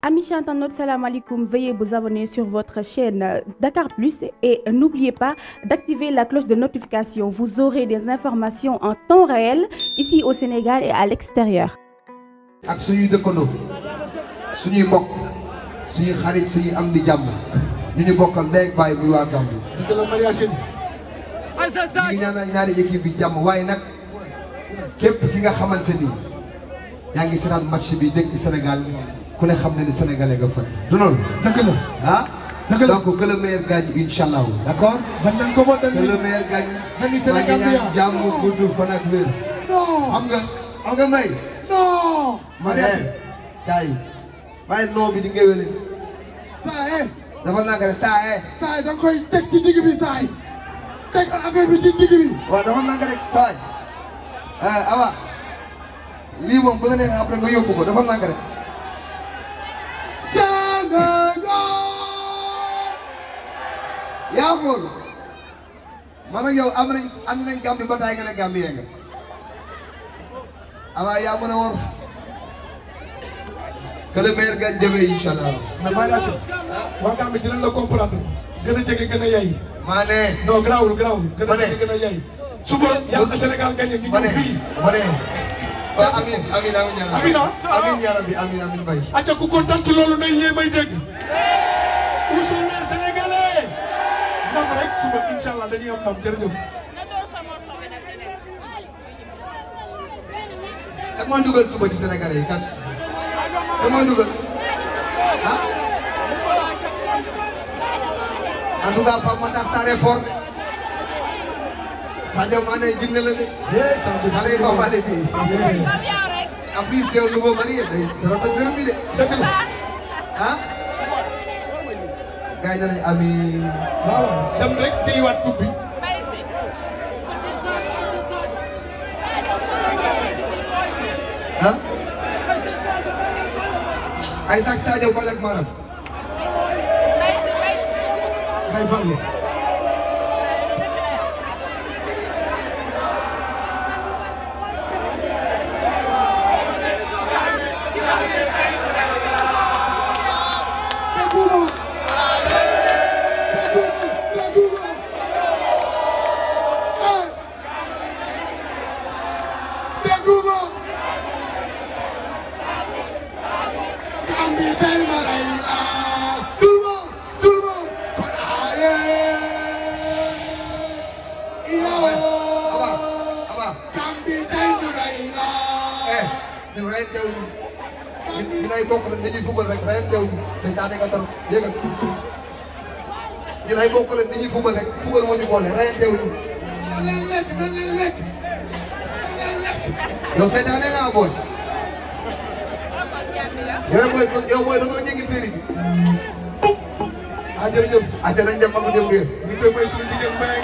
Amis chers internautes, salam alaikum. Veuillez vous abonner sur votre chaîne Dakar Plus et n'oubliez pas d'activer la cloche de notification. Vous aurez des informations en temps réel ici au Sénégal et à l'extérieur. ak suñuy dëkkandoo suñuy mbokk suñuy xarit suñuy am di jàmm ñu ñu bokkal ndey baay muy waa Gàmbi. nag képp ki nga xamante ni yaa ngi seetaan match bi dëkk Sénégal. ku ne xam na ni sénégalais nga fa. du loolu dëgg ah. dëgg la donc que ko mën dañ que le bi yaa maa ngi ñaan jàmm gudd fan ak wér. non xam nga xam nga may. non. bi di nga wele. saa e. dafa naan que saa e. saa e koy teg ci digg saa e. dafa naan que rek saa e. awa lii bu la neexee nga yóbbu dafa naan que rek. yaa xool man ak yow am nañ ànd ba taay nga ne Gàmbi yee nga yaa mën a war que le maire gañ jëfe incha maa daa si waa Gàmbi dinañ la comprendre gën a jege gën a yay maa ne non garaawul garaawul gën a jege gën yay suba yàlla Sénégal gañe ngi ñëw fii ma amin amin amin yàlla amin bi amin amin ah. bay acca ku kontaan ci loolu day yée may dégg où sont les sénégalais suba incha allah dañuy am ndam jërëjëf dak dugal suba ci sénégalais yi kat dak dugal ah en tout cas Pape Matar Sadio Mané jinne la de. yee Sadio xale yi ko xaale bi. en plus c'est un nouveau marié day dara toj réew mi de. dëgg la ah. gars yi dañuy amiin. waaw dem rek jëliwaat coupe bi. ah. ay sax Sadio boole ak Maram. ngay farlu. bokk leen dañuy fubal rek fubal moo ñu boole reyanteewuñu. dañ leen lekk dañ leen lekk dañ leen lekk. yow saytaane ngaa booy. yow booy yow booy da nga jéggi féeri bi. ah jërëjëf. ah jërëjëf Maguette Gueye. ñu ngi koy may suñu jigéen Mbengue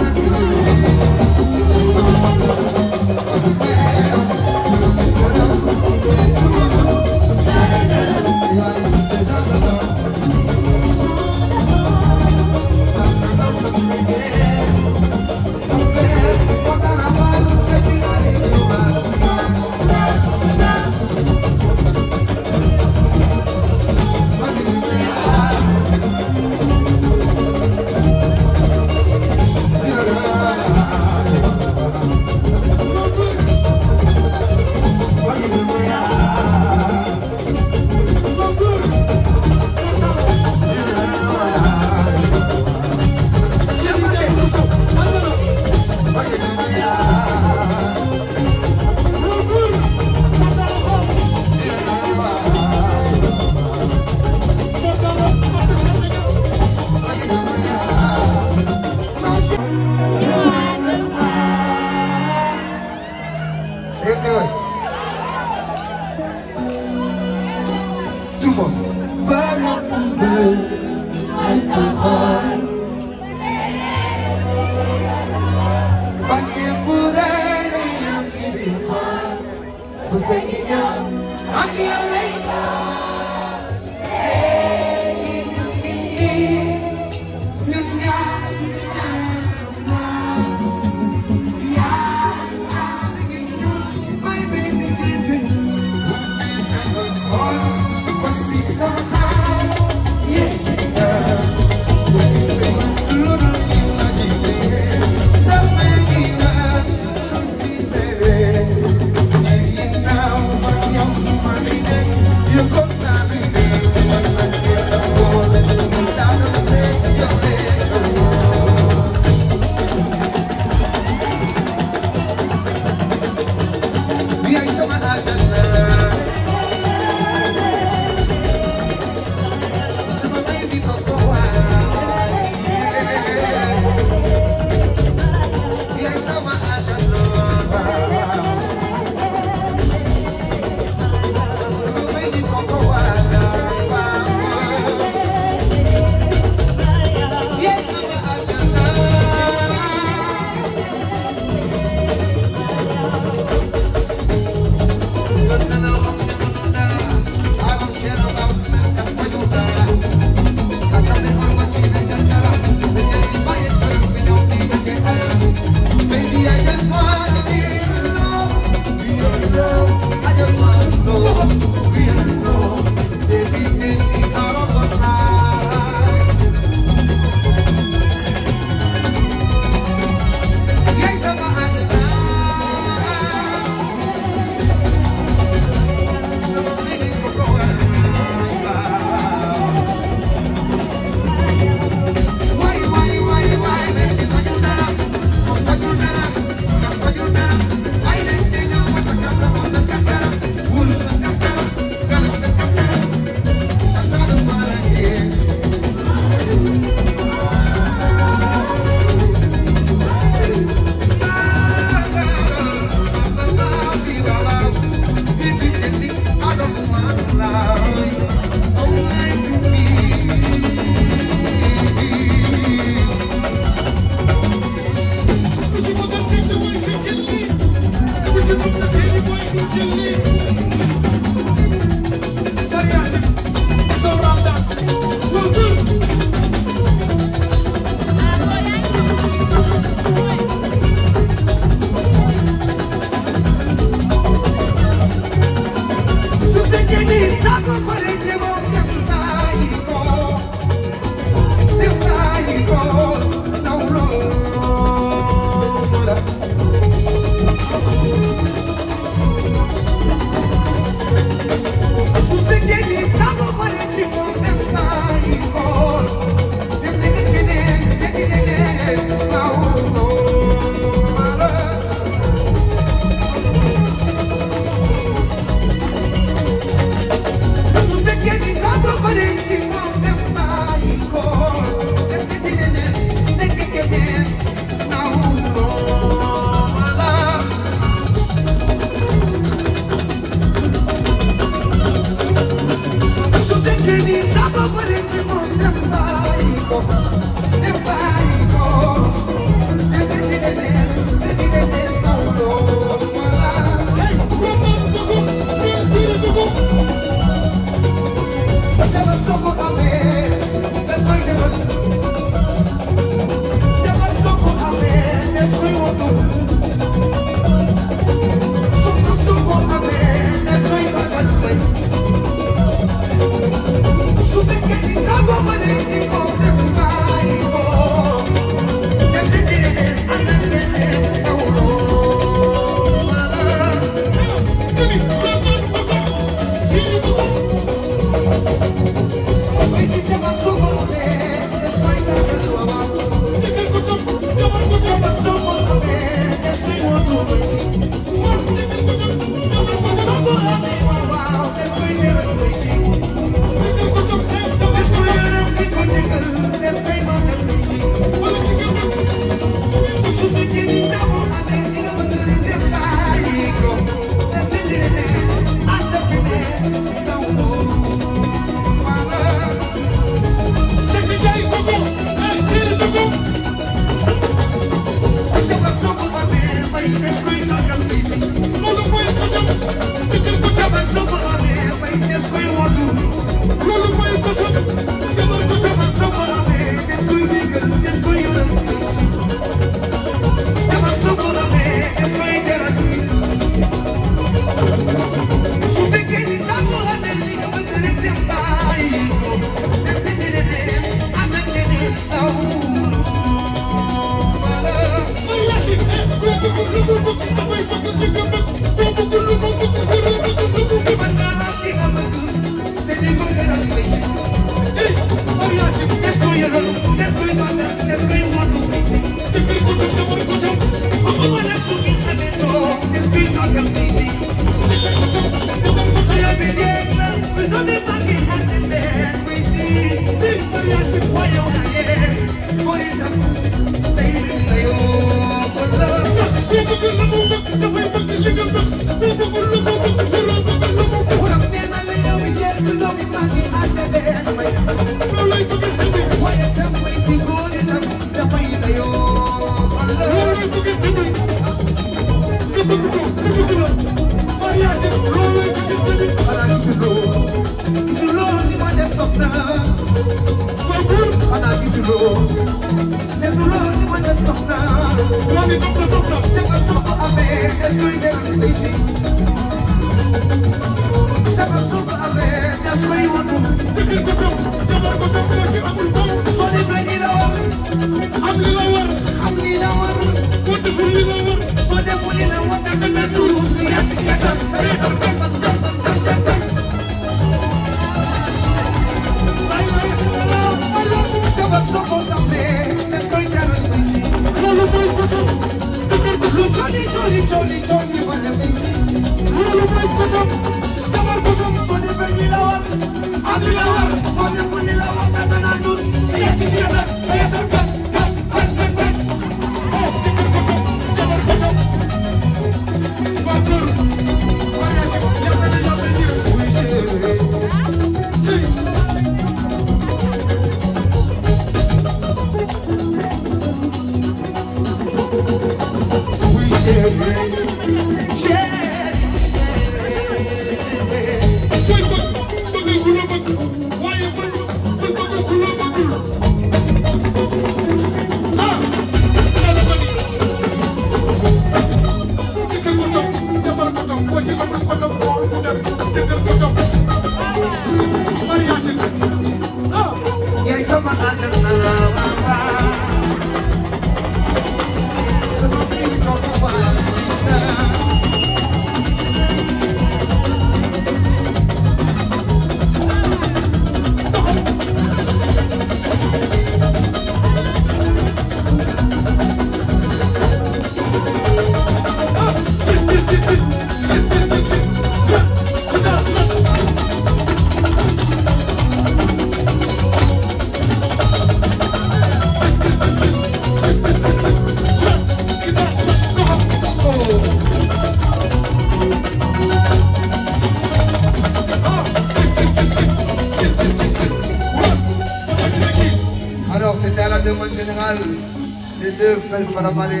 para paredes.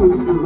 Thank you.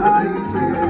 light.